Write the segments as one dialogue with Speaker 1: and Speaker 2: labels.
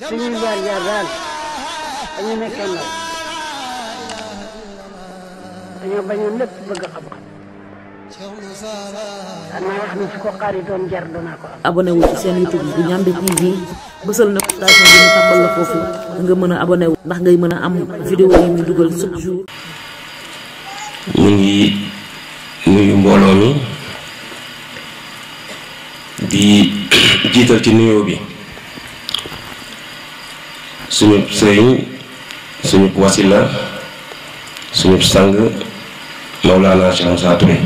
Speaker 1: suñuy jaar-jaar daal dañu ko xaaritoon jar danaa ko am. ci seen YouTube bu Ndiamé TV bësal na station bi ñu tàmbal nga mën a abonné ndax ngay mën a am vidéo yi ñu dugal chaque jour. ñu ngi nuyu mbooloo mi di jiital ci nuyoo bi. suñu sëriñ suñu wasila suñu sang Mawlana Cheikh Moussa Touré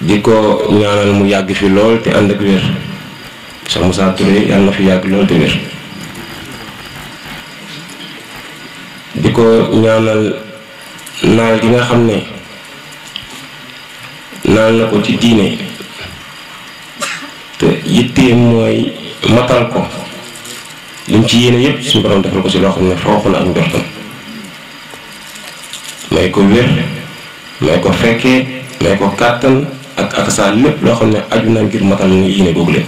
Speaker 1: di ko ñaanal mu yàgg fi lool te ànd ak wér Cheikh Moussa Touré yàlla na fi yàgg lool te wér di ko ñaanal naal gi nga xam ne naal na ko ci diine te yitteem mooy matal ko lim ci yéene yépp suñu borom defal ko si loo xam ne foofu na ak njortam may ko wér may ko fekkee may ko kàttan ak ak saa lépp loo xam ne aju na ngir matal ni yéene googu leen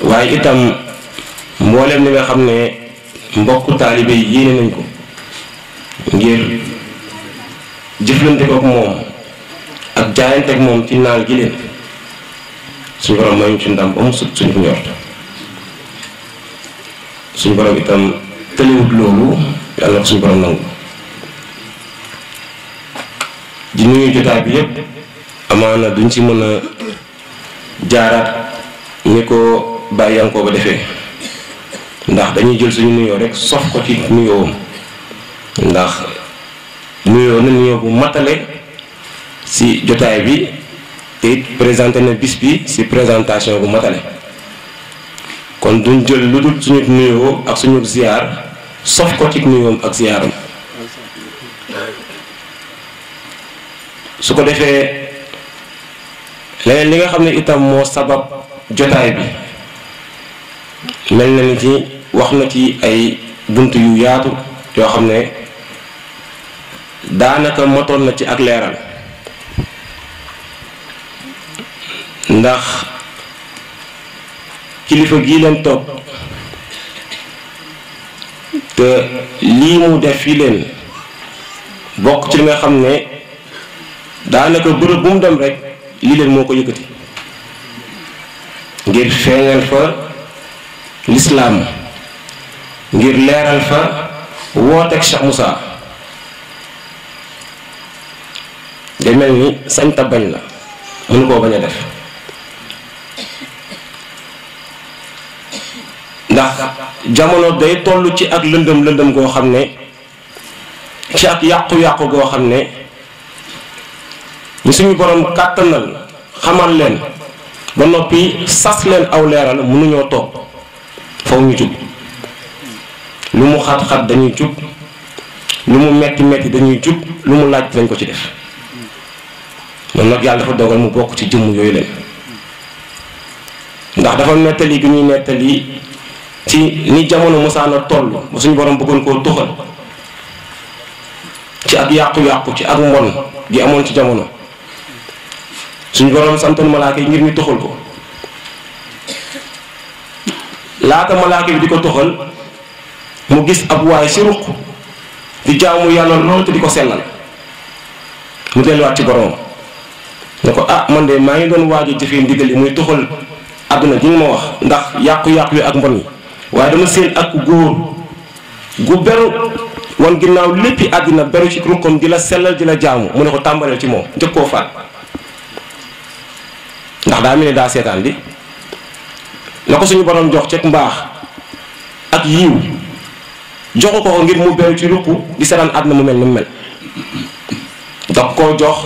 Speaker 1: waaye itam mboolem li nga xam ne mbokk taalibe yi yéene nañ ko ngir jëflante ko ak moom ak jaayante ak moom ci naal gi leen suñu borom mayuñ ci ndam ba suñu njort suñu itam tëliwut loolu yàlla ko suñu borom nangu di nuyu jotaay bi yépp amaana duñ ci mën a jaaraat ni ko bàyyi koo ko defee ndax dañuy jël suñu nuyoo rek sof ko ci nuyoowam ndax nuyoo na nuyoo bu matale si jotaay bi te it présenté na bis bi ci présentation bu matale kon duñ jël lu dul suñu nuyoo ak suñu ziar sof ko ci nuyoom ak ziaram su ko defee leneen li nga xam ne itam moo sabab jotaay bi mel na ni ci wax na ci ay bunt yu yaatu yoo xam ne daanaka motoon na ci ak leeral ndax kilifa gii leen toog te lii mu def fii leen bokk ci li nga xam ne daanaka bërëb bu mu dem rek lii leen moo ko yëkkati ngir feeñal fa lislaam ngir leeral fa wooteeg Cheikh Moussa de mel ni sañta bañ la mënu koo bañ a def ndax jamono day toll ci ak lëndëm lëndëm goo xam ne ci ak yàqu-yàqu goo xam ne ñu suñu borom kàttanal xamal leen ba noppi sas leen aw leeral mënuñoo toog faw ñu jub lu mu xat-xat dañuy jub lu mu metti metti dañuy jub lu mu laaj dañ ko ci def loolu nag yàlla dafa dogal mu bokk ci jëmm yooyu leen ndax dafa nettali gi ñuy nettali ci ni jamono musaana toll ba suñu borom bëggoon ko tuxal ci ak yàqu-yàqu ci ak mbon gi amon ci jamono suñu borom santoon malaaka yi ngir ñu tuxal ko laata malaake bi diko ko tuxal mu gis ab way ci ruq di jaamu yalla non te diko selal mu delu wat ci borom nako ah man de ma ngi doon waji a ndigal yi muy tuxal aduna ji nga ma wax ndax yàqu-yàqu ak mbon waaye dama seen ak góor gu beru wan ginnaaw léppi àddina beru ci rukkam di la sellal di la jaamu mu ne ko tàmbaleel ci moom njëkkoo faat ndax daa mel ne daa seetaan li la ko suñu borom jox ceeg mbaax ak yiw joxu ko ngir mu beru ci rukk di seetaan àddina mu mel ni mel daf koo jox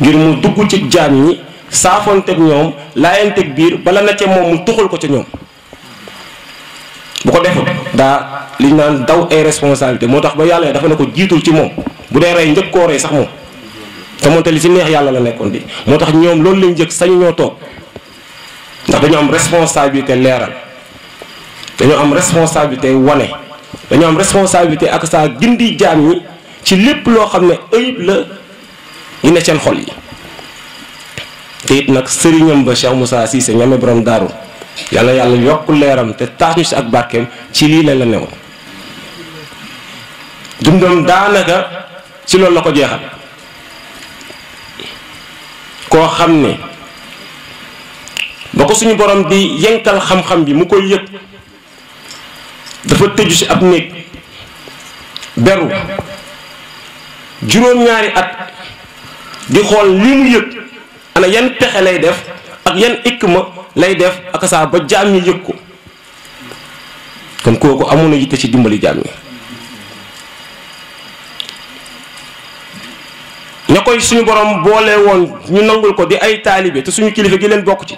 Speaker 1: ngir mu dugg ci jaam ñi saafoonteeg ñoom laayanteeg biir bala na ca moom mu tuxal ko ca ñoom bu ko deful daa li ñu naan daw ay responsabilité moo tax ba yàlla dafa ne ko jiitul ci moom bu dee rey njëkk koo rey sax moom te moonte li si neex yàlla la nekkoon di moo tax ñoom loolu lay jëkk sañu ñoo toog ndax dañoo am responsabilité leeral dañoo am responsabilité wane dañoo am responsabilité ak saa gindi jaam ñi ci lépp loo xam ne ayib la ñu ne seen xol yi te it nag sëriñam ba Cheikh Moussa Cissé ñame borom daaru yàlla yàlla yokk leeram te taas ñu si ak barkeem ci lii la la newoon dundam daanaka ci loolu la ko jeexal koo xam ne ba ko suñu boroom di yenkal xam-xam bi mu koy yëg dafa tëju si ab néeg beru juróom-ñaari at di xool li mu yëg ana yan pexe lay def ak yan ikma lay def ak saa ba jaam ñi yëg ko kon kooku amoon na yitte ci dimbali jaam ñi ña koy suñu borom boole woon ñu nangul ko di ay taalibe te suñu kilifa gi leen bokk ci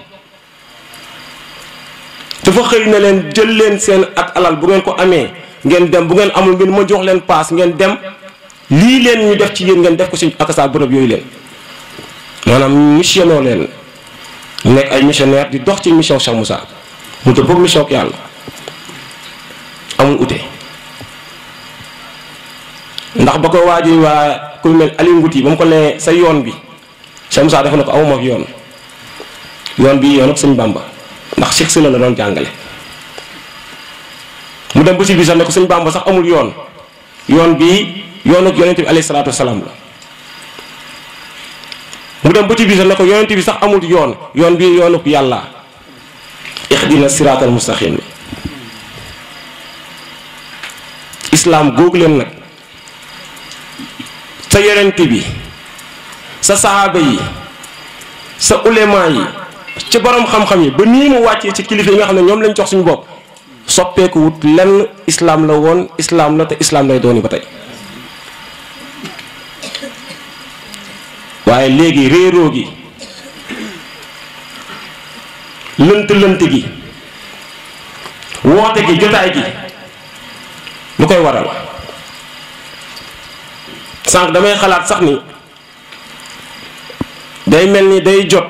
Speaker 1: dafa xëy na leen jël leen seen ak alal bu ngeen ko amee ngeen dem bu ngeen amul ngeen ma jox leen paas ngeen dem lii leen ñu def ci yéen ngeen def ko suñu ak saa bërëb yooyu leen maanaam missionoo leen nekk ay missionnaire di dox ci mission Cheikh Moussa mu dëppoog mission ak yàlla amul ute ndax ba ko waaji waa ku mel Aliou Ngouti ba mu ko nee sa yoon bi Cheikh Moussa dafa ne ko amuma yoon bi yoon ak sëñ ndax Cheikh la doon jàngale mu dem ba si biir sax ne ko sëñ Bamba sax amul yoon yoon bii yoon ak yonente bi alayhi salaatu wasalaam la mu dem ba ci biir sax ne ko yonent bi sax amul yoon yoon bii yoonu yàlla ixdina siraatal mustaqim islaam googu leen nag sa yonent bi sa sahaaba yi sa ulema yi ci borom xam-xam yi ba nii mu wàccee ci kilifa yi nga xam ne ñoom lañ jox suñu bopp soppeeku wut lenn islaam la woon islaam la te islaam lay dooni ba tey waaye léegi réeroo gi lënt lënt gi woote gi jotaay gi lu koy waral sànq damay xalaat sax ni day mel ni day jot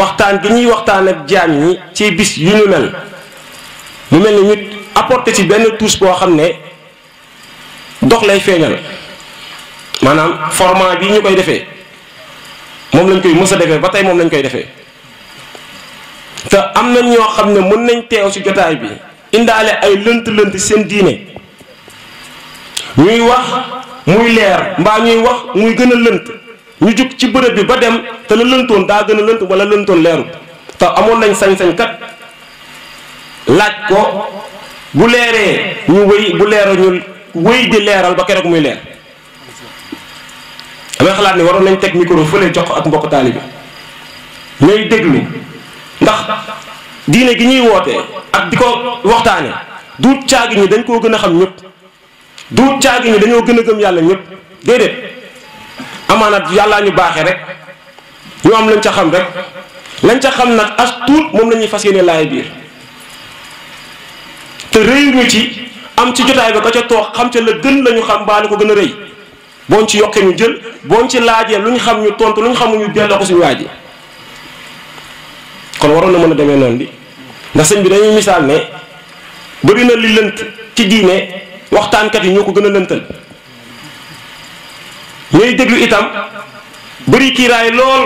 Speaker 1: waxtaan gi ñuy waxtaan ak jaam ñi ci bis yu ñu mel mu mel ni ñu apporté ci benn touche boo xam ne dox lay feeñal maanaam format bi ñu koy defee moom lañ koy mës defee ba tey moom lañu koy defee te am na ñoo xam ne mën nañ teew ci jotaay bi indaale ay lënt-lënt seen diine ñuy wax muy leer mbaa ñuy wax muy gën a lënt ñu jug ci bërëb bi ba dem te la lëntoon daa gën a lënt wala lëntoon leeru te amoon nañ sañ-sañ kat laaj ko bu leeree ñu wéy bu leeral ñu wéy di leeral ba keroog muy leer. damay xalaat ni waroon nañ teg micro fële jox ak mbokk taalibi ñooy déglu ndax diine gi ñuy wootee ak di ko waxtaane duut caagi ñi dañ koo gën a xam ñëpp duut caagi ñi dañoo gën a gëm yàlla ñëpp déedéet amaana yàllaa ñu baaxee rek ñu am lañ ca xam rek lañ ca xam nag as moom la ñuy fas yéene laay biir te rëy ñu ci am ci jotaay ba ka ca toog xam ca la gën lañu xam mbaa lu ko gën a rëy boo ci yokkee ñu jël boo ci laajee lu ñu xam ñu tontu lu ñu xamul ñu delloo ko suñu waa ji kon waroon na mën a demee noonu bi ndax sëñ bi dañuy misaal ne bari na li lënt ci diine waxtaankat yi ñoo ko gën a lëntal ñooy déglu itam bëri kiiraay lool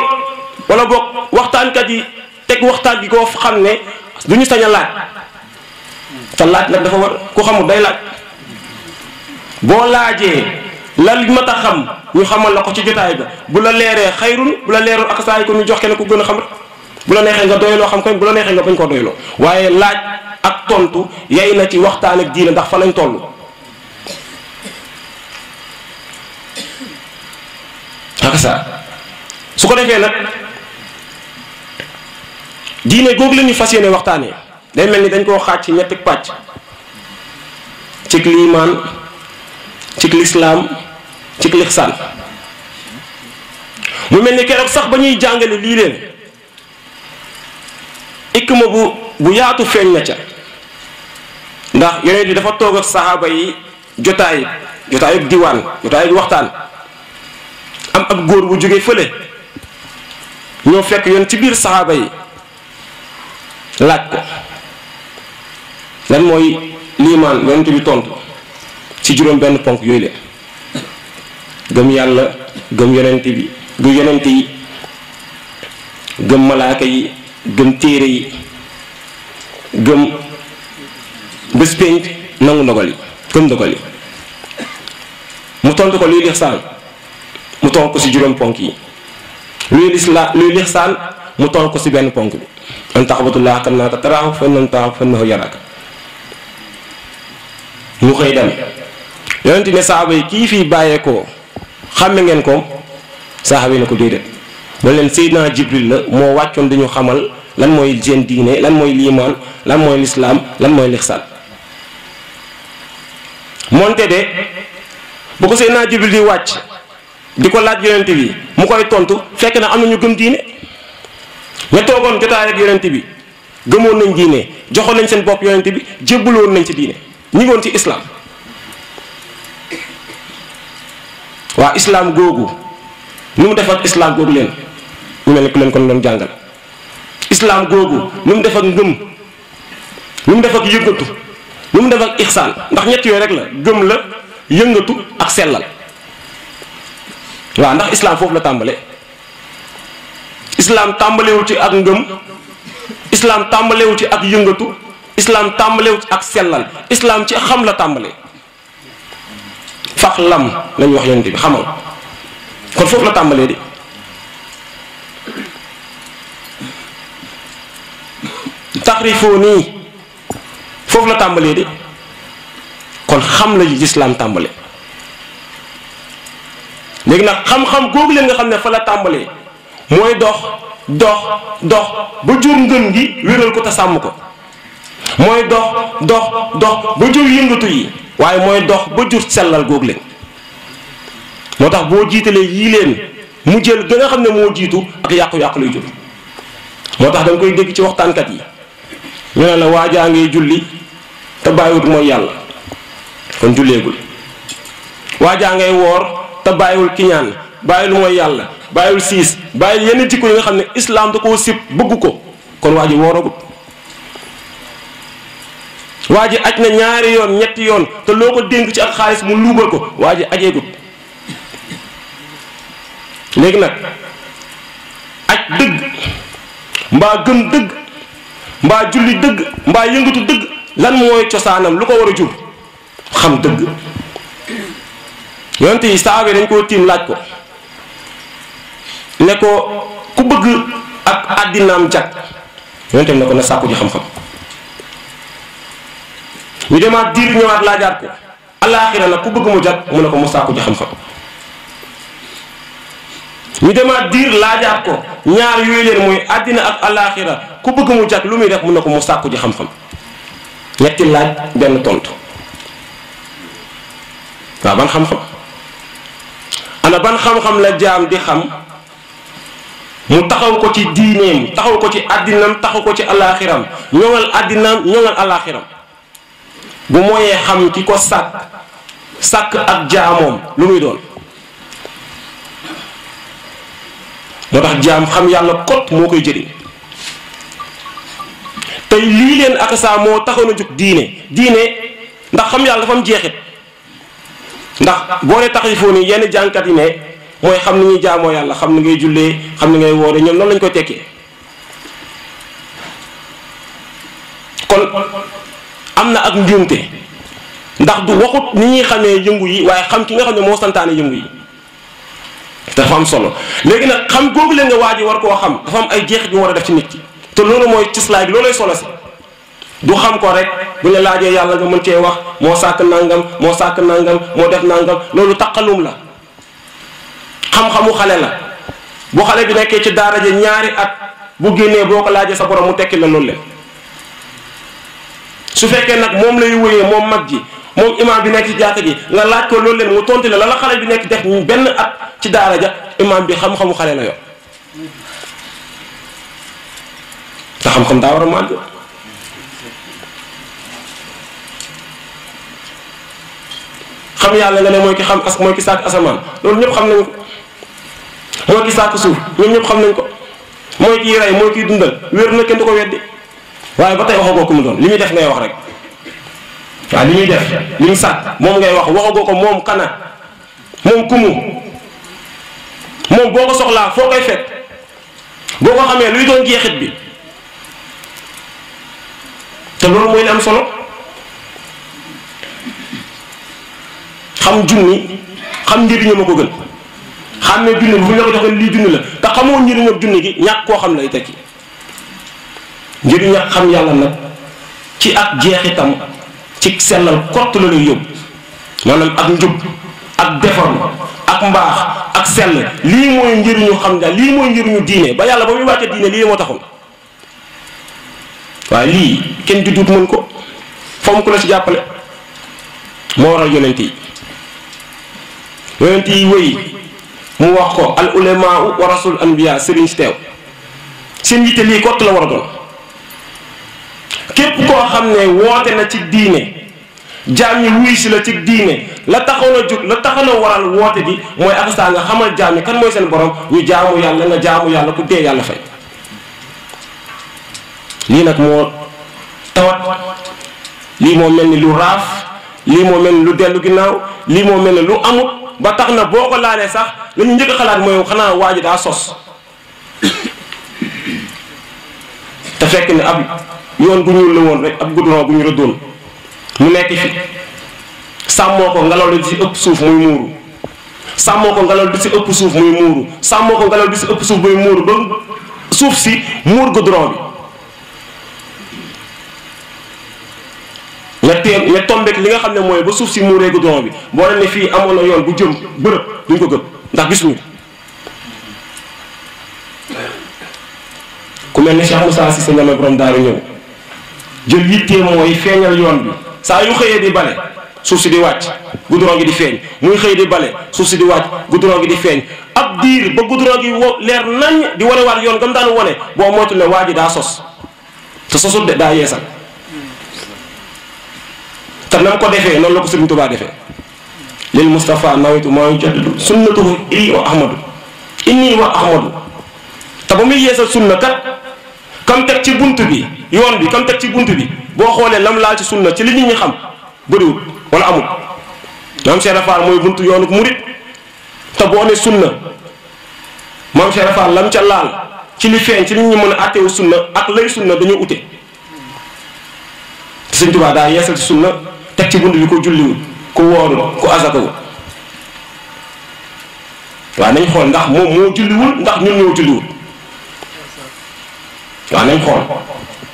Speaker 1: wala boog waxtaankat yi teg waxtaan gi koo xam ne du ñu sañ a laaj te laaj nag dafa war ku xamul day laaj boo laajee. lan bi ma tax xam ñu xamal la ko ci jotaay ba bu la léré khairun bu la leerul ak saay ko ñu jox kenn ko gëna xam bu la nexé nga doylo xam ko bu la nexé nga bañ ko doylo waaye laaj ak tontu yey na ci waxtaan ak diina ndax fa lañ tollu ak saa su ko defé nak diine gog lañu day melni dañ ko xacc ci climat ci lislaam ci lixsaan mu mel ni keroog sax ba ñuy jàngale lii leen ikma bu bu yaatu feeñ na ca ndax yeneen yi dafa toog ak saxaaba yi jotaay jotaay ak diwaan jotaay waxtaan am ab góor bu jóge fële ñoo fekk yoon ci biir saxaaba yi laaj ko lan mooy liimaan yonent bi tontu ci juroom benn ponk yooyu le gëm yàlla gëm yonent bi gëm yonent yi gëm malaaka yi gëm téere yi gëm bés pénc nangu ndogal yi gëm ndogal yi mu tont ko luy lixsaan mu tont ko si juróom ponk yi luy lis la luy lixsaan mu tont ko si benn ponk bi an taxabatullah kan naa ta taraaxu fa nan taxaw fa nahu yaraaka mu xëy dem yonent ne saaba yi kii fii bàyyeekoo xàmme ngeen ko saaba yi ne ko déedéet loolu leen Seydina Jibril la moo wàccoon dañu xamal lan mooy seen diine lan mooy liimaan lan mooy lislaam lan mooy lixsaan moonte de bu ko naa Jibril di wàcc di ko laaj yonent bi mu koy tontu fekk na am na ñu gëm diine ña toogoon jotaay ak bi gëmoon nañ diine joxoon nañ seen bopp yonent bi jébbaloon nañ ci diine ñi ci islaam waa islaam googu nu mu def ak islaam googu leen ñu mel ni leen kon doon jàngal islaam googu nu mu def ak ngëm nu mu def ak yëngatu nu mu def ak ixsaan ndax ñetti yooyu rek la ngëm la yëngatu ak sellal waa ndax islaam foofu la tàmbale islaam tàmbalewul ak ngëm islaam tàmbalewul ci ak yëngatu islaam tàmbalewul ci ak sellal islaam ci xam la tàmbale fax lam lañu wax yonent bi xamal kon foofu la tàmbalee di taxrifoo nii foofu la tàmbalee di kon xam la yi lislaam tàmbale léegi nag xam-xam googu leen nga xam ne fa la tàmbalee mooy dox dox dox ba jur ngën gi wéral ko te sàmm ko mooy dox dox dox ba jur yëngatu yi waaye mooy dox ba jur sellal góog leen moo tax boo jiitalee yii leen mu jël gën a xam ne moo jiitu ak yàqu-yàqu lay jur moo tax da koy dégg ci waxtaankat yi ñu ne la waajaa ngay julli te bàyyiwut mooy yàlla kon julleegul jaa ngay woor te bàyyiwul kiñaan bàyyiwul mooy yàlla bàyyiwul siis bàyyiwul yenn jikko yi nga xam ne islaam da koo sib bëgg ko kon waa ji wooragul waa ji aj na ñaari yoon ñetti yoon te loo ko dénk ci ak xaalis mu luubal ko waa ji ajeegut léegi nag aj dëgg mbaa gëm dëgg mbaa julli dëgg mbaa yëngatu dëgg lan mooy cosaanam lu ko war a jur xam dëgg yonte yi saaba dañ koo tiim laaj ko ne ko ku bëgg ak àddinaam jag yonte ne ko na sàkku ji xam-xam ñu demaat diir ñëwaat laajaat ko alaaxira nag ku bëgg mu jat mu ne ko mu sàkku ci xam-xam ñu demaat diir laajaat ko ñaar yooyu leen muy àddina ak alaaxira ku bëgg mu jat lu muy def mu ne ko mu sàkku ci xam-xam ñetti laaj benn tontu waa ban xam-xam ana ban xam-xam la jaam di xam mu taxaw ko ci diineem taxaw ko ci àddinam taxaw ko ci alaaxiram ñoŋal àddinam ñoŋal alaaxiram bu mooyee xam ki ko sàkk sàkk ak jaamoom lu muy doon moo tax jaam xam yàlla kot moo koy jëriñ tey lii leen ak saa moo taxoon a jóg diine diine ndax xam yàlla dafa am jeexit ndax boo ne taxifoo ni yenn jànkat yi ne mooy xam ni ñuy jaamoo yàlla xam ni ngay jullee xam ni ngay woore ñoom noonu lañ koy tekkee kon am na ak njuumte ndax du waxut ni ñuy xamee yëngu yi waaye xam ki nga xam ne moo santaane yëngu yi dafa am solo léegi nag xam googu leen nga waa ji war koo xam dafa am ay jeexit yu war a def ci nit ki te loolu mooy cislaay bi loolay solo si du xam ko rek bu la laajee yàlla nga mën cee wax moo sàkk nangam moo sàkk nangam moo def nangam loolu taqalum la xam-xamu xale la bu xale bi nekkee ci daara ja ñaari at bu génnee boo ko laajee sa borom mu tekki la loolu leen su fekkee nag moom lay wëyee moom mag ji moom imaam bi nekk ci jaata gi nga laaj ko loolu leen mu tontu la la la xale bi nekk def benn at ci daara ja imaam bi xam-xamu xale la yor te xam-xam daa war a màgg xam yàlla nga ne mooy ki xam as mooy ki sàkk asamaan loolu ñëpp xam nañ ko mooy ki sàkk suuf ñoom ñëpp xam nañ ko mooy kiy rey mooy kiy dundal wér na kenn du ko weddi waaye ba tey waxagoo ko mu doon li muy def ngay wax rek waaw li ñuy def li mu sàkk moom ngay wax waxagoo ko moom kana moom kumu moom boo ko soxlaa foo koy fekk boo ko xamee luy doon jeexit bi te loolu mooy li am solo xam junni xam njëriñam a ko gën xam ne junni bu ñu la ko joxee lii junni la te xamoo njëriñam junni gi ñàkk koo xam lay tekki ngir ña xam yàlla nag ci ak jeexitam ci sellal kott la lay yóbbu maanaam ak njub ak deforme ak mbaax ak sell lii mooy ngir ñu xam daal lii mooy diine ba yàlla ba muy wàcce diine lii moo taxoon waaye lii kenn di dut mën ko fomm ku la ci jàppale moo waral yonent yi yonent yi wéy mu wax ko al ulama wa rasul anbiya sëriñ si teew seen yitte lii kott la war a doon képp koo xam ne woote na ci diine jaam ñi wuy la ci diine la taxoon a jug la taxoon woote bi mooy asta nga xamal jaam ñi kan mooy seen borom ñu jaamu yàlla nga jaamu yàlla ku dee yàlla fay lii nag moo tawat lii moo mel ni lu raaf lii moo mel ni lu dellu ginnaaw lii moo mel ni lu amut ba tax na boo ko laalee sax la ñu njëkk xalaat mooy xanaa waa daa sos te fekk ne ab yoon bu ñuul la woon rek ak goudron bu ñu rëddoon mu nekk fi sàmmoo ko ngalaw li ci si ëpp suuf muy muuru sàmmoo ko ngalaw di ci ëpp suuf muy muuru sàmmoo ko ngalaw di ci ëpp suuf muy muuru ba suuf si muur goudron bi nga ya teel nga ya tombeek li nga xam ne mooy ba suuf si muuree goudron bi boo leen ne fii amoon na yoon bu jëm bërëb duñ ko gëm ndax gisuñu ku mel ne Cheikh Moussa Cissé Ndiamé borom daaru ñëw jël yittee mooy feeñal yoon bi sa yu xeyé di balé suuf si di wacc goudron gi di feeñ muy xëy di balé suuf si di wacc goudron gi di feeñ ab diir ba goudron gi wo leer nañ di wone war yoon gam daan wone bo motu le waji da sos te sosul de da yeesal te nam ko defé non la ko serigne touba defé lil Mustafa nawitu mooy jaddidu sunnatuhu i wa ahmadu inni wa ahmadu ta ba muy yeesal sunna kat kam tek ci buntu bi yoon bi kam teg ci bunt bi boo xoolee lam laal ci sunna ci li nit ñi xam bëriwul wala amul maam Cheikh Rafaal mooy buntu yoonu murit te boo ne sunna moom Cheikh Rafaal lam ca laal ci li feeñ ci li ñu mën a àtteewu sunna ak lay sunna dañoo ute te Sëñ Tuubaa daa yeesal ci sunna teg ci bunt bi ko julliwul ku woorul ku asakawul waaw nañ xool ndax moom moo julliwul ndax ñun ñoo julliwul waaw nañ xool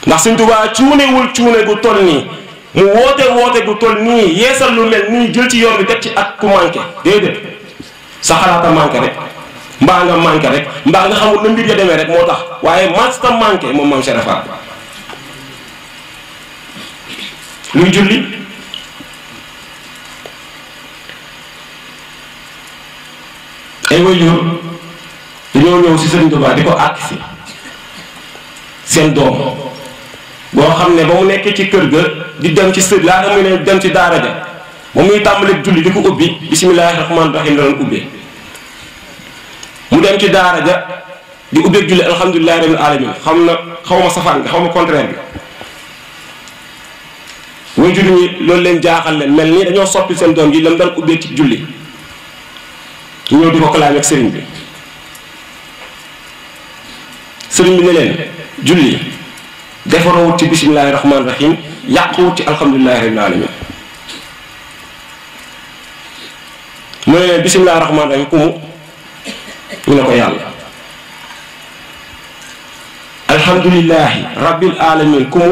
Speaker 1: ndax Sëñ Tuubaa cuunewul cuune gu toll nii mu woote woote gu toll nii yeesal lu mel nii jël ci yoon bi ci ak ku manqué déedéet sa xalaata manqué rek mbaa nga manqué rek mbaa nga xamul na mbir ya demee rek moo tax waaye masta manqué moom maam Cheikh Fall luy julli ay waajur dañoo ñëw si Sëñ Tuubaa di ko àkk si seen doom bo xamne ne nekk ci kër ga di dem ci sëriñ la amene dem ci daara ja ba muy tàmbali julli diko ko ubbi bisimilahi rahmaani rahim la doon mu dem ci daara ja di ubbeeg julli alhamdullilah rabbil alamin xamna xawma safan nga xawma contraire bi wo julli ñi loolu len jaaxal len melni dañu soppi sen doom gi lam dal ubbee ci julli ñu ñëw di ko kalaame ak sëriñ bi serigne bi ne len julli defaroowut ci bisimilahi rahmaani yàq yàquwut ci alhamdulilahi rabbil alamin mu ne bisimilahi rahmaani rahim ku ñu ne ko yàlla alhamdulilahi rabbil alamin ku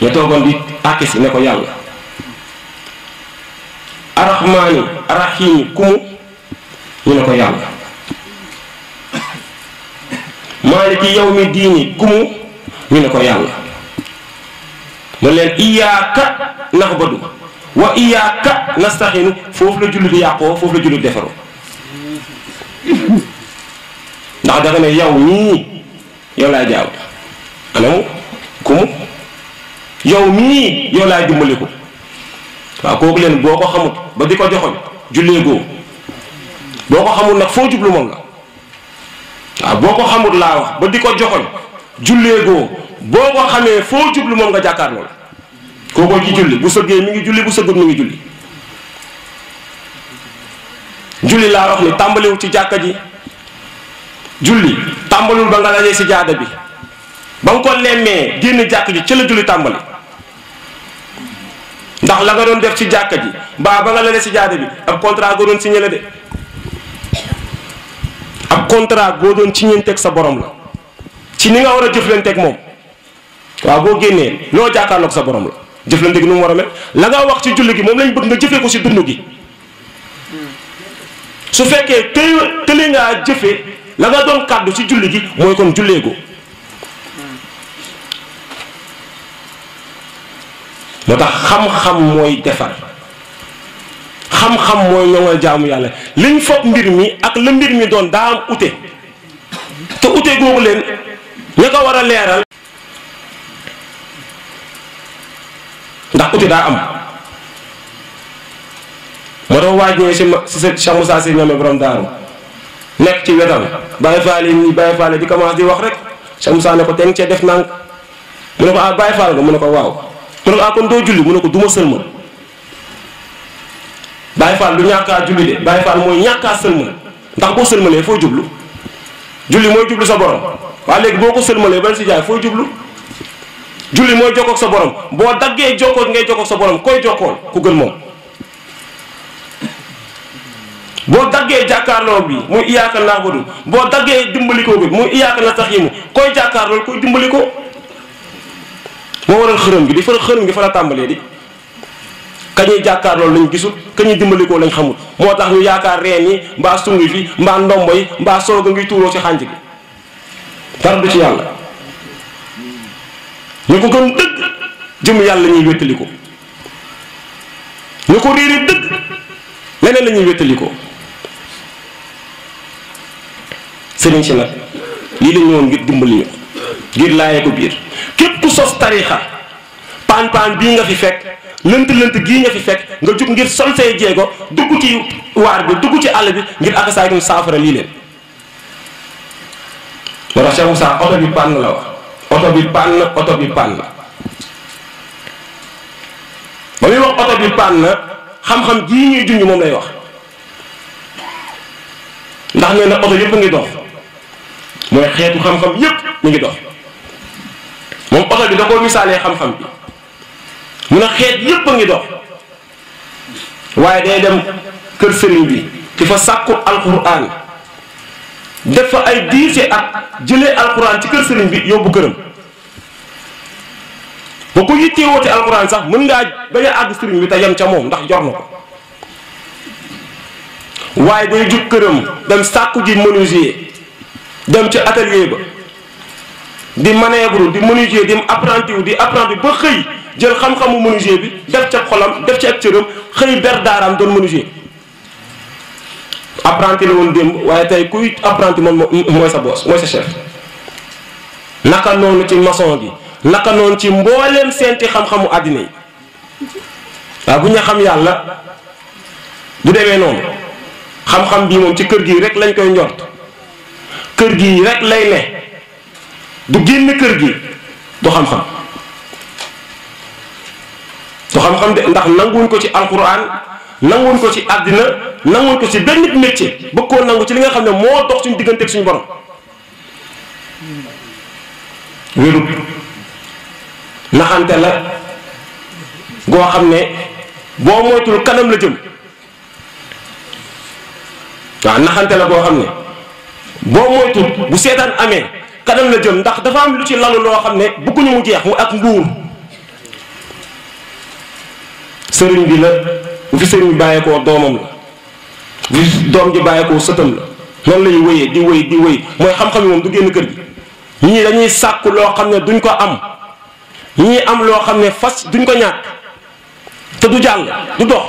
Speaker 1: ñu toogoon di àkkis ne ko yàlla arrahmaani arrahimi ku ñu ne ko yàlla maaliki yawmi diini kumu ñu ne ko yàlla mu leen iyaaka naxbadu wa iyaaka nastaxinu foofu la jullit yàqoo foofu la jullit defaroo ndax dafa ne yow mii yow laay jaaw anamu kumu yow mii yow laay dimbaliku waaw kooku leen boo ko xamut ba di ko joxoñ jullee góob boo ko xamul nag foo jublu moom la waaw boo ko xamul laa wax ba di ko joxoñ julleegoo boo ko xamee foo jublu moom nga jàkkaar loolu kookoo ci julli bu sëggee mi ngi julli bu sëggut mi ngi julli julli laa wax ni tàmbaliwul ci jàkka ji julli tàmbaliwul ba si jaada bi ba ko lemmee génn jàkk ji ca la julli tàmbali ndax la nga doon def ci jàkka ji mbaa ba nga lajee si jaada bi ab contrat nga doon signé la de ak contrat boo doon ci ñeenteeg sa borom la ci ni nga war a jëflanteeg moom waaw boo génnee loo jàkkaarloog sa borom la jëflanteeg nu mu war a mel la nga wax ci julli gi moom lañ bëgg nga jëfee ko si dund gi su fekkee tëy tële ngaa jëfee la nga doon kàddu ci julli gi mooy kon ko moo tax xam-xam mooy defar. xam-xam mooy ñoŋal jaamu yàlla liñ foog mbir mi ak la mbir mi doon daa am ute te ute googu leen ña ko war a leeral ndax ute daa am moo tax waaj ñooy si ma si sa Cheikh Moussa si ñoome borom daaru nekk ci wetam Baye Fall yi nii Baye Fall di commencé di wax rek Cheikh Moussa ne ko te nga cee def nànk mu ne ko ah Baye Fall nga mu ne ko waaw mu ah kon doo julli mu ne ko duma sëlmal Baye Fall du ñàkk a julli de Baye Fall mooy ñàkk a sëlmal ndax boo sëlmalee foo jublu julli mooy jublu sa borom waaye léegi boo ko sëlmalee ba si jaay foo jublu julli mooy jokkoog sa borom boo daggee jokkoog ngay jokkoog sa borom koy jokkool ku gën moom. boo daggee jàkkaarloo bi muy iyaaka naa ko boo daggee dimbalikoo bi muy iyaaka na sax yi mu koy jàkkaarloo koy dimbalikoo moo waral xërëm gi di fa xërëm gi fa la tàmbalee di. kañuy jàkkaarloo lañ gisul kañuy koo lañ xamul moo tax ñu yaakaar reen yi mbaa sungi fi mbaa ndombo yi mbaa sooga ngi tuuroo si xànj gi dara du ci yàlla ñu ko gëm dëgg jëm yàlla ñuy wéttaliko ñu ko réeri dëgg leneen la ñuy wéttalikoo sëriñ si nag lii la ñëwoon ngir dimbali ñu ngir laayee ko biir képp ku sos tariixa paan paan bii nga fi fekk lënt lënt gii nga fi fekk nga jug ngir sol say jéego dugg ci waar bi dugg ci àll bi ngir akasaay ñu saafara lii leen moo tax Cheikh Moussa oto bi pann la wax oto bi pann oto ba muy wax oto bi pann xam-xam gii ñuy junj moom lay wax ndax nee na oto yëpp ngi dox mooy xeetu xam-xam yëpp mi ngi dox moom oto bi da koo misaalee xam-xam bi mun a xeet yépp a ngi dox waaye day dem kër sëriñ bi di fa sàkku alxuraan def fa ay diise ak jëlee alxuraan ci kër sëriñ bi yóbbu këram boo ko yittee woote alxuraan sax mën ngaa bañ a àgg sëriñ bi te yem ca moom ndax jor na ko waaye day jug këram dem sàkku ji menuisier dem ci atelier ba di manœuvre di menuisier di apprenti wu di apprenti ba xëy jël xam-xamu menuisier bi def ca xolam def ci ak cëram xëy ber daaram doon menuisier apprenti la woon démb waaye tey kuy apprenti moom mooy sa boos mooy sa chef naka noonu ci maçon gi naka noonu ci mbooleem seenti xam-xamu àddina yi waaw bu ñu xam yàlla du demee noonu xam-xam bii moom ci kër gi rek lañ koy njort kër gi rek lay ne du génn kër gi du xam-xam xam-xam de ndax nanguwuñ ko ci alquran nanguwuñ ko ci àddina nanguwuñ ko ci benn métier bëgg koo nangu ci li nga xam ne moo dox suñu diggante ak suñu borom wérut naxante la goo xam ne boo moytul kanam la jëm waaw naxante la goo xam ne boo moytul bu seetaan amee kanam la jëm ndax dafa am lu ci lalu loo xam ne bëgguñu mu jeex mu ak nguur sëriñ bi la bu fi sëriñ bi bàyyeekoo doomam la bu fi doom ji bàyyeekoo sëtam la noonu lay woyee di wéy di wéy mooy xam-xam yi moom du génn kër gi ñii dañuy sàkku loo xam ne duñ ko am ñii am loo xam ne fas duñ ko ñàkk te du jàll du dox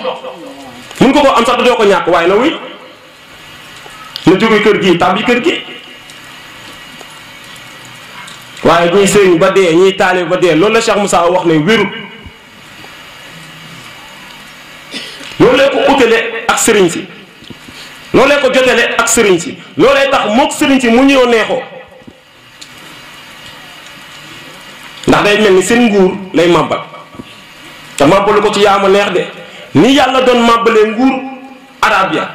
Speaker 1: mun ko ko am sax da doo ko ñàkk waaye na wuy na jóge kër gi tàbbi kër gi waaye ñii sëriñ ba dee ñii taalibe ba dee loolu la Cheikh Moussa wax ne wérut loolu lay ko utale ak sëriñ si loolu lay ko jotale ak sëriñ si loolay tax mook sëriñ si mu ñëw neexoo ndax day mel ni seen nguur lay màbbal te màbbalu ko ci yaama neex de ni yàlla doon màbbalee nguur arab ya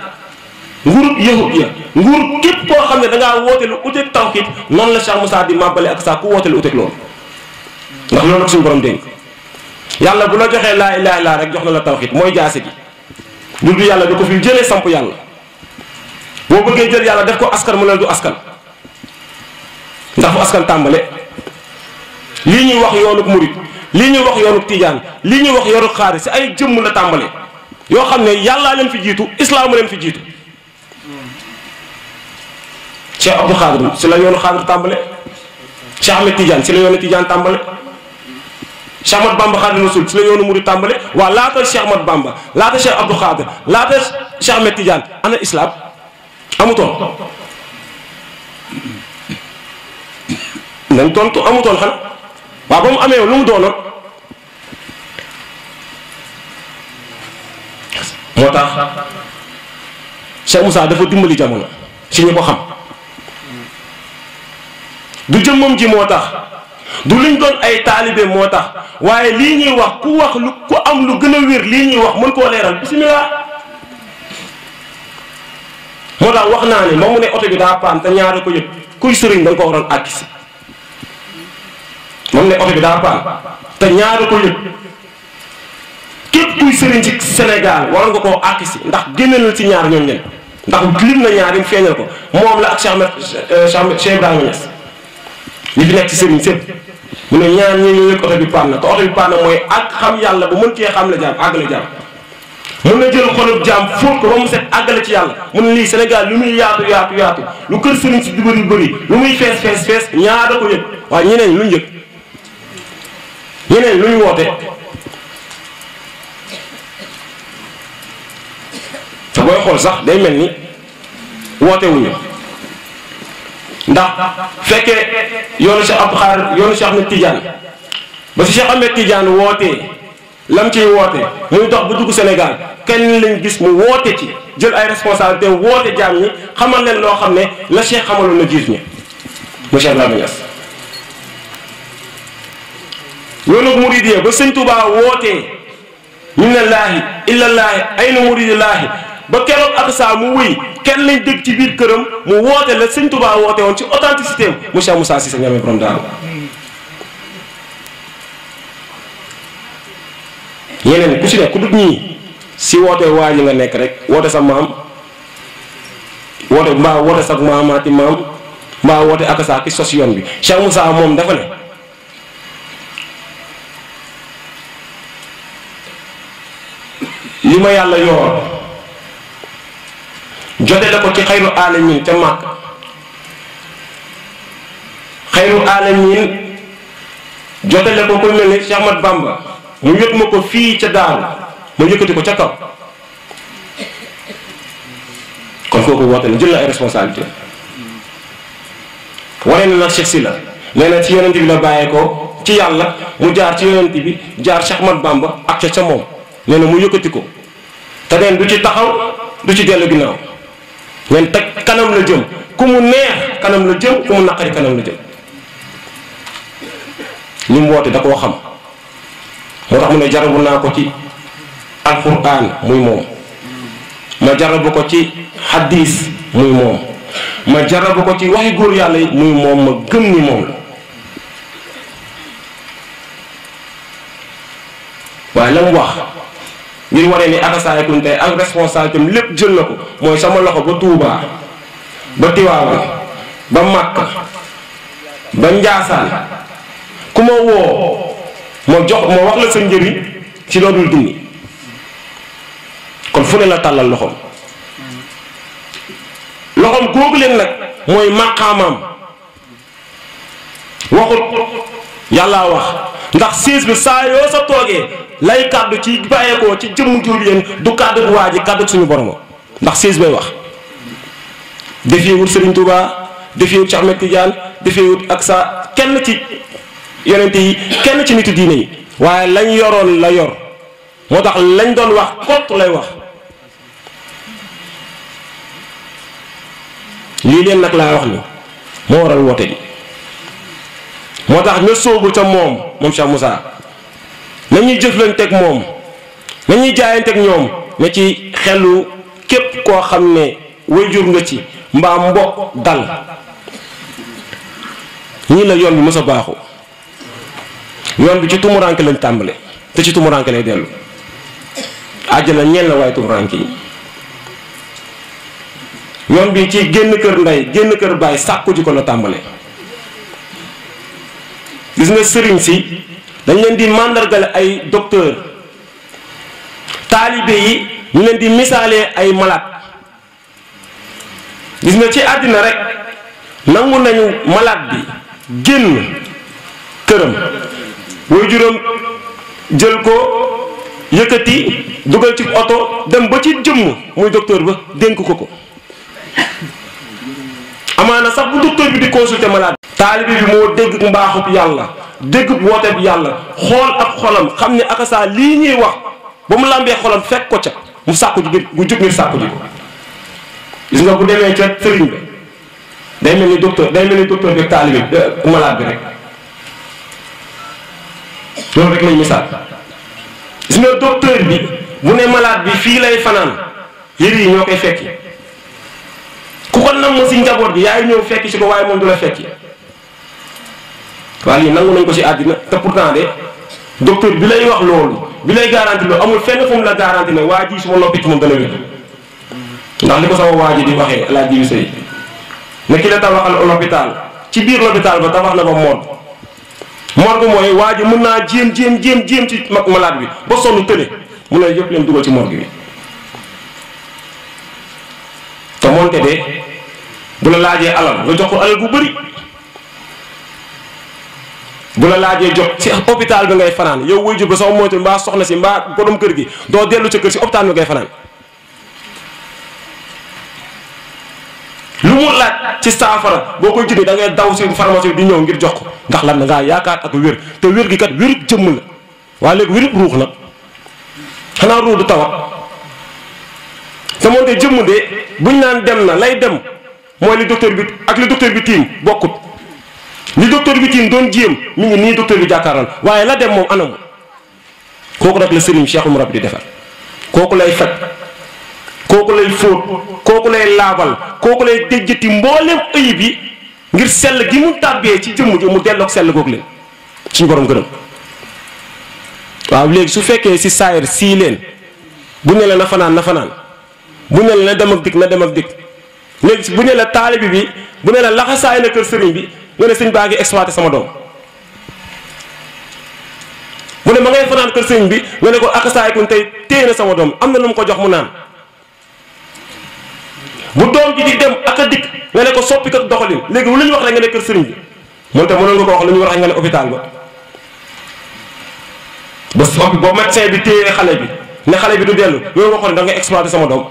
Speaker 1: nguurub yahud ya nguur képp koo xam ne dangaa woote lu uteeg tawxiid noonu la Cheikh Moussa di màbbale ak saa ku woote lu uteeg loolu ndax loolu ak suñu borom dénk yàlla bu la joxee laa ilaaha illallaa rek jox na la tawxiid mooy jaase gi dund yàlla da ko fi jëlee samp yàlla boo bëggee jël yàlla def ko askan mu la du askan ndax fu askan tàmbale lii ñuy wax yoonuk murit lii ñuy wax yoonuk tijaan lii ñuy wax yoonuk xaari si ay jëmm la tàmbale yoo xam ne yàllaa leen fi jiitu islaam leen fi jiitu Cheikh Abdou Xaadir si la yoonu xaadir tàmbale Cheikh Ahmed Tidiane si la yoonu Tidiane tàmbale Cheikh Ahmad Bamba Xaadimu Rasuul ci la yoonu murid tàmbale waa laata Cheikh Ahmad Bamba laata Cheikh Abdou Khadir laata Cheikh Ahmed Tidiane ana islam amutoon nañ tontu amutoon xanaa waaw ba mu amee lu mu doonoon moo tax Cheikh Moussa dafa dimbali jamono si ñu ko xam du jëmmam ji moo tax du liñ doon ay taalibe moo tax waaye lii ñuy wax ku wax lu ku am lu gën a wér lii ñuy wax mën koo leeral bisimilah. moo tax wax naa ne moom mu ne oto bi daa paan te ñaare ko yëg ko waroon àgg si moom ne oto bi daa paan te ñaare képp kuy sëriñ ci Sénégal waroon nga koo àgg si ndax génnal ci ñaar ñoom ñen ndax lim na ñaar feeñal ko moom la ak Cheikh euh, Cheikh Ibrahima Niass li fi nekk ci sëriñ sépp mu ne ñaar ñoo ñoo yëpp oto bi paan na te oto bi paan na mooy ak xam yàlla bu mën cee xam la jaam àggale jaam mun na jël xolub jaam fóot ko ba mu set àggale ci yàlla mun na lii Sénégal lu muy yaatu yaatu yaatu lu kër sëriñ si du bëri lu muy fees fees fees ñaar da ko yëg waaye ñeneen lu ñu yëg ñeneen lu woote te booy xool sax day mel ni woote ndax fekkee yoonu Cheikh Abdou Khadre yoonu Cheikh Ahmed Tidiane ba fi Cheikh Ahmed Tidiane wootee lam ciy woote muy dox bu dugg Sénégal kenn lañ gis mu woote ci jël ay responsabilité woote jaam ñi xamal leen loo xam ne la Cheikh xamaloon na jiit ñi mu Cheikh Ibrahima Niass yoonu muridiyee ba sëñ Touba wootee min allaahi illallaahi ayna muridillaahi ba keroog ak saa mu wuy kenn lañ dégg ci biir këram mu woote la sëñ Touba woote woon ci authenticité mu Cheikh Moussa Cissé Ndiamé borom Daaru yeneen si nekk ku dut nekk rek woote sa maam woote mbaa sa moom dafa ne li ma yàlla yoor jote la ko ci xayru alamin ca màkk xayru alamin jote la ko ku mel ni Cheikh Ahmad mu yót ma ko fii ca daaru ma yëkkati ko ca kaw kon kooku woote na jël na ay responsabilité waree na nag Cheikh Sylla nee na ci yonent bi la bàyyee ci yàlla mu jaar ci yonent bi jaar Cheikh Ahmad Bamba ak ca ca moom nee na mu yëkkati ko te neen du ci taxaw du ci dellu ginnaaw men teg kanam la jëm ku mu neex kanam la jëm ku mu naqari kanam la jëm li woote da koo xam moo tax mu ne jarabu naa ko ci alquran muy moom ma jarabu ko ci hadis muy moom ma jarabu ko ci waxi góor yàlla yi muy moom ma gëm ni moom la waaye la mu wax ngir waree ni Akasa Kounta ak responsabilité am lépp jël na ko mooy sama loxo ba Touba ba Tiwaawan ba Makka ba Njaasaan ku ma woo ma jox ma wax la sa njëriñ ci loo dindi kon fu ne la tàllal loxoom loxoom googu leen nag mooy maqaamaam waxut yàllaa wax ndax siis bi saa yoo sa toogee lay kàddu ci bàyyeekoo ci jëmm jur yéen du kàddu bu waa ji kàddu suñu borom ndax siis bay wax defeewul Serigne Touba defeewul Cheikh Ahmed Tidiane defeewul ak sa kenn ci yonent yi kenn ci nitu diine yi waaye lañ yoroon la yor moo tax lañ doon wax kott lay wax lii leen nag laa wax ni moo waral woote bi moo tax ñu sóobu ca moom moom Cheikh Moussa nañuy teg moom nañuy jaayanteeg ñoom na ci xelu képp koo xam ne jur nga ci mbaam mbokk dal ñii la yoon bi mës a baaxu yoon bi ci tumuranke lañ tàmbale te ci tumuranke lay dellu àjjana ñeen la waaye tumuranke yi yoon bi ci génn kër ndey génn kër baay sàkku ji ko la tàmbale gis nga sëriñ si dañ leen di màndargale ay docteur taalibe yi ñu leen di misaalee ay malaat gis nga ci àddina rek nangu nañu malaat bi génn këram way juróom jël ko yëkkati dugal ci oto dem ba ci jëmm muy docteur ba dénk ko ko amaana sax bu docteur bi di consulter malade taalibe bi moo dégg mbaaxub yàlla dégg woote bi yàlla xool ak xolam xam ne akasaa lii ñuy wax ba mu làmbee xolam fekk ko ca mu sàkku ji ngir mu jóg ngir sàkku ji ko gis nga bu demee ca sëriñ bi day mel ni docteur day mel ni docteur bi taalibi ku euh, malade bi rek loolu rek lay misaal bi bu ne malade bi fii lay fanaan yëri yi ñoo koy fekki ku ko nam ma si njaboot bi yaay ñëw fekki si ko waaye moom du la fekki waa lii nangu nañ ko ci adina te pourtant de docteur bi lay wax loolu bi lay garantie lo amul fenn fum la garantie ne waji suma nopi ci mo gëna wëd ndax liko sama waji ji di waxee laaj ji sey ne ki la tabaxal hôpital ci biir hôpital ba tabax na ko morgue mort mooy waa ji mën naa jëm jëm jëm jéem ci mag malade bi ba sonu tële mu lay yëp leen duggal ci mort bi te monté de bu la laajee alal nga jox ko alal bu bari bu la laajee jot si hôpital bi ngay fanaan yow wuy jur ba soo moytul mbaa soxna si mbaa borom kër gi doo dellu ca kër si hôpital bi ngay fanaan lu mu laaj ci saafara boo koy jëndee dangay daw si pharmacie di ñëw ngir jox ko ndax lan na ngaa yaakaar ak wér te wér gi kat wérub jëmm la waaye léegi wérub ruux nag xanaa ruux du tawat te moom de jëmm de buñ naan dem na lay dem mooy li docteur bi ak li docteur bi tiim bokkut li docteur bi tiim doon jéem mu ngi nii docteur bi jàkkaaral waaye la dem moom anamu kooku nag la sëriñ Cheikh Rab di defar kooku lay faj kooku lay fóot kooku lay laabal kooku lay déjjati mboolem ayib yi ngir sell gi mu tàbbee ci jëmm ji mu delloog sell googu leen suñu borom gërëm waaw léegi su fekkee si saayir sii leen bu ne la na fanaan na fanaan bu ne la na dem ak dikk na dem ak dikk léegi bu ne la taalibi bi bu ne la laxasaay na kër sëriñ bi nga ne sëñ baa ngi exploité sama doom mu ne ma ngay fanaan kër sëñ bi nga ne ko ak saay kun tey téye na sama doom am na lu mu ko jox mu naan bu doom ji di dem ak dikk nga ne ko soppi ko doxalin léegi lu ñu wax rek nga ne kër sëriñ bi moom tam mënoon nga ko wax lu ñu wax rek nga ne hôpital ba ba soppi ba médecin bi téye xale bi ne xale bi du dellu loolu nga xool da nga exploité sama doom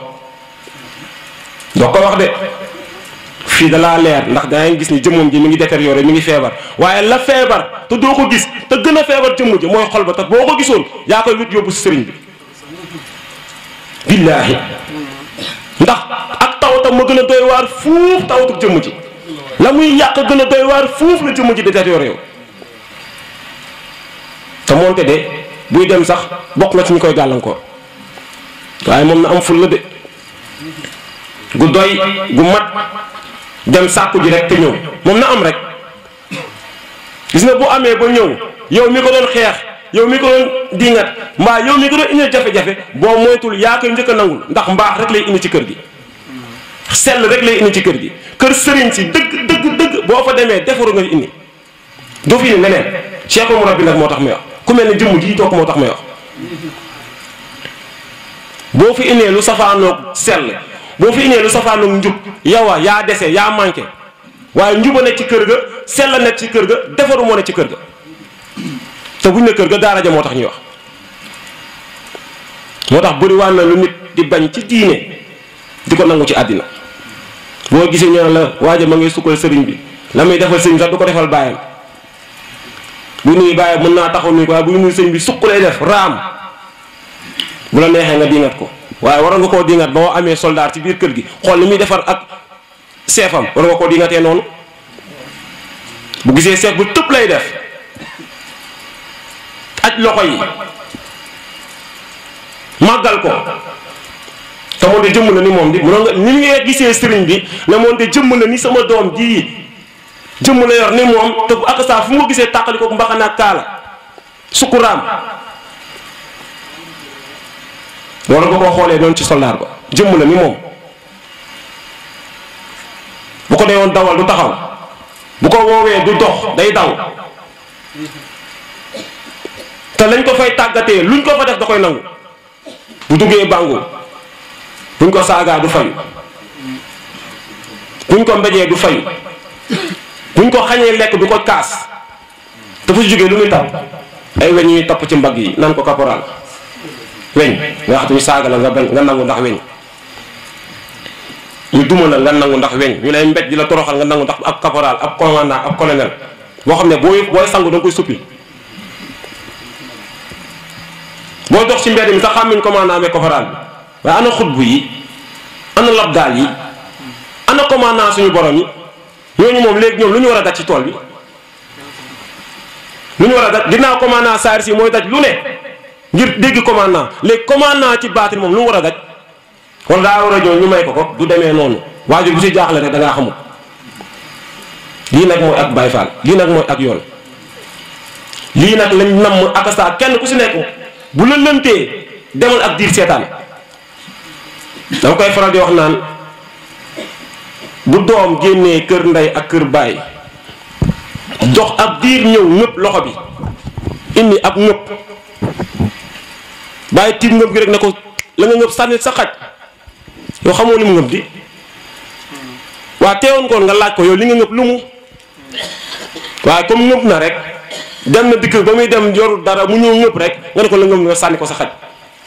Speaker 1: doo ko wax de fii da la leer ndax da ngay gis ni jëmum ji mi ngi détérioré mi ngi fièvre waye la fièvre te do ko gis te gëna fièvre jëmum ji moy xol ba te boko gisoon ya koy wut yobu sëriñ bi billahi ndax ak tawatam ma gën a doy waar fuuf tawatu jëmum ji la muy yàq gëna doy war fuuf la jëmum ji détérioré yow te monté de buy dem sax bok na ci ni koy galan ko waye mom na am ful la de gu doy gu mat dem sàkku ji rek te ñëw moom na am rek gis nga bu amee ba ñëw yow mi ko doon xeex yow mi ko doon dingat mbaa yow mi ko doon indi jafe-jafe boo moytul yaa koy njëkk nangul ndax mbaax rek lay indi ci kër gi sell rek lay indi ci kër gi kër sëriñ si dëgg dëgg dëgg boo fa demee defaru nga indi doo fi indi leneen cheikhu bi nag moo tax may wax ku mel ne jëmm ji toog moo tax may wax boo fi indee lu safaanoog sell boo fi indee lu safaanoog njub yow ah, yaa dese yaa manqué waaye njuba ne ci kër ga sell nekk ci kër ga defaru moo ne ci kër ga te buñ ne kër ga daara ja moo tax ñuy wax moo tax bëriwaan na lu nit di bañ ci diine di ko nangu ci àddina boo gisee ñu la waaja ma ngay sukkal sëriñ bi la muy defal sëriñ sax du ko defal bàyyam bu nuy bàyyi mën naa taxaw nuy ko waaye bu nuy sëriñ bi suq lay def raam bu la neexee nga dingat ko waye waro nga koo dingat bo amé soldat ci bir kër gi xol li muy defar ak chefam waro nga koo dingatee non bu gisé chef bu tëb lay def aj loxoy magal ko te di jëm na ni mom di bu nga ni nga gisé serigne bi la moom di jëm na ni sama dom di. jëm la yor ni mom te ak sa fu mu gisé takaliko ko mbaxana kala sukuram loolu nga ko xoolee noonu ci soldaar ko jëmm la ni moom bu ko dee woon dawal du taxaw bu ko woowee du dox day daw te lañ ko fay tàggatee luñ ko fa def da koy nangu bu duggee bàngu buñ ko saagaa du fayu buñ ko mbéjee du fayu buñ ko xañee lekk du ko kaas te fu si jógee lu muy taw ay weñ ñuy ci mbagg yi naan ko caporal weñ nga xam ñu saaga la nga bañ nga nangu ndax weñ ñu duma la nga nangu ndax weñ ñu lay mbéj di la toroxal nga nangu ndax ab caporal ab commandant ab colonel boo xam ne booy booy sangu da nga koy suppi boo dox ci mbedd mi sax xàmmiñ commandant amee caporal bi waaye ana xutbu yi ana labdaal yi ana commandant suñu borom yi ñooñu moom léegi ñoom lu ñu war a daj ci tool bi lu ñu war a daj ginnaaw commandant saar si mooy daj lu ne ngir dégg commandant léegi commandant ci baatin moom lu mu war a daj wala daa war a ñëw ñu may ko ko du demee noonu waajur bu si jaaxle rek da ngaa xamul lii nag mooy ak bayfaal lii nag mooy ak yoon lii nag lañ namm ak kenn ku si nekk bu la lëntee demal ak diir seetaan dama koy faral di wax naan bu doom génnee kër ndey ak kër baay jox ab diir ñëw ñëpp loxo bi indi ab ñëpp. bay tim ngëm gi rek nako la nga ngëb sanni sa xat yo xamoo li mu ngëb di wa teewon koon nga laj ko yo li nga ngëb lu mu waaye comme ngëb na rek dem na dikk bamuy dem jor dara mu ñew ngëb rek nga nako la ngeum nga sanni ko sa xat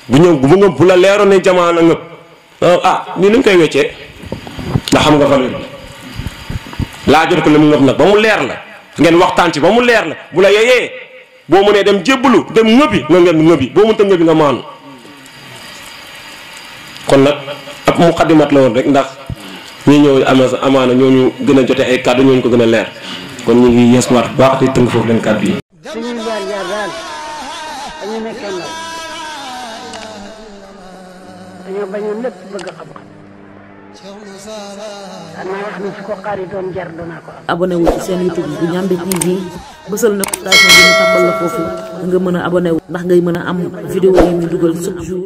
Speaker 1: bu ñew bu ngeum bu la leeroon ne jamaana ngëb ah, ah ni lañ koy wéccé da xam nga valeur la jor ko la mu ngëb nag ba mu leer la ngeen waxtaan ci bamu mu leer la bu la yeyee boo mënee dem jébbalu dem ngëbi nga ngeen ngëbi boo mënta ngëbi nga maanu kon nag ab muqaddimat la woon rek ndax ñi ñëw amaana ñoo ñu gën a jote ay kàddu ñooñu ko gën a leer kon ñu ngi yees waat bu baax te tënk foofu leen kàddu yi. suñuy naa wax ni su ko xaritoon jar dana ko am. abonné seen YouTube bu Ndiamé TV bësal na station bi nga mën a abonné wu ndax ngay mën a am vidéo yi ñu dugal chaque jour.